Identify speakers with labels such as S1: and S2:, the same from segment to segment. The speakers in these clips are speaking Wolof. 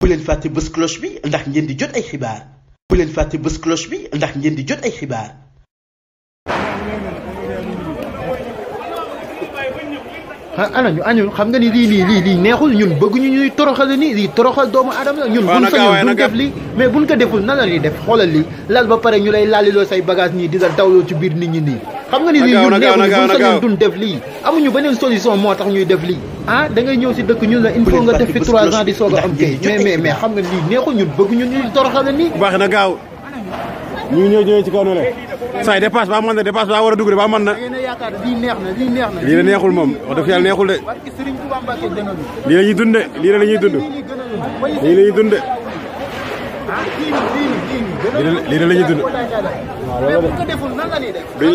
S1: bu leen fàtte bës cloche bi ndax ngeen di jot ay xibaar leen fàtte bës cloche bi ndax ngeen di jot ay xibaar. ah ana ñu añul xam nga ni lii lii lii lii neexul ñun bëgguñu ñuy toroxal nii lii toroxal doomu aadama ñun buñ sañoon duñ def lii mais buñ ko deful nan la ñuy def xoolal lii lal ba pare ñu lay laaliloo say bagage nii di la dawloo ci biir nit ñi nii xam nga ni lii ñun neexul buñ sañoon duñ def lii amuñu beneen solution moo tax ñuy def lii ah da ngay ñëw si dëkk ñun la il faut nga def fi 3 ans di soog a am kay mais mais xam nga lii neexul ñun bëgg ñun ñu toroxale nii. baax na gaaw ñu ñëw ñëwee ci kaw ne la saa yi dépasse ba mën na dépasse ba war a dugg de ba mën na. lii neex na lii la neexul moom wax dëgg yàlla neexul de. lii la ñuy dund de lii la ñuy dund. lii la ñuy dund de.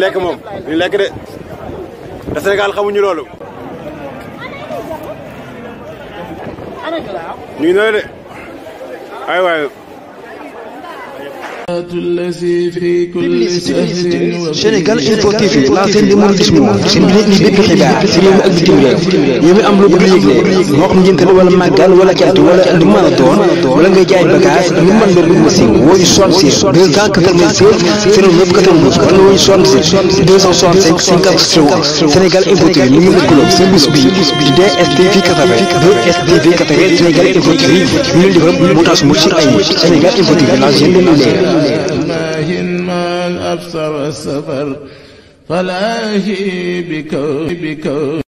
S1: lekk moom duñ lekk de. te Sénégal xamuñu loolu. You claro. it. no Ahí va. Sénégal Info TV la chaîne du mouridisme seen bi bépp xibaar si réew mi ak bitim réew yow mi am lu bëgg yëgle moo xam njëntal wala màggal wala cant wala lu mën a doon wala ngay jaay bagage lu mën nga dugg si woo ñu 76 296 09 92 wala woo ñu 76 265 54 Sénégal Info TV mi ngi lëkkaloo service bi di DSTV 80 DSTV 80 Sénégal Info TV ñu di defal mu tas mu ci ay Sénégal Info TV la chaîne du mouridisme إله ما أبصر السفر فلاهي بكون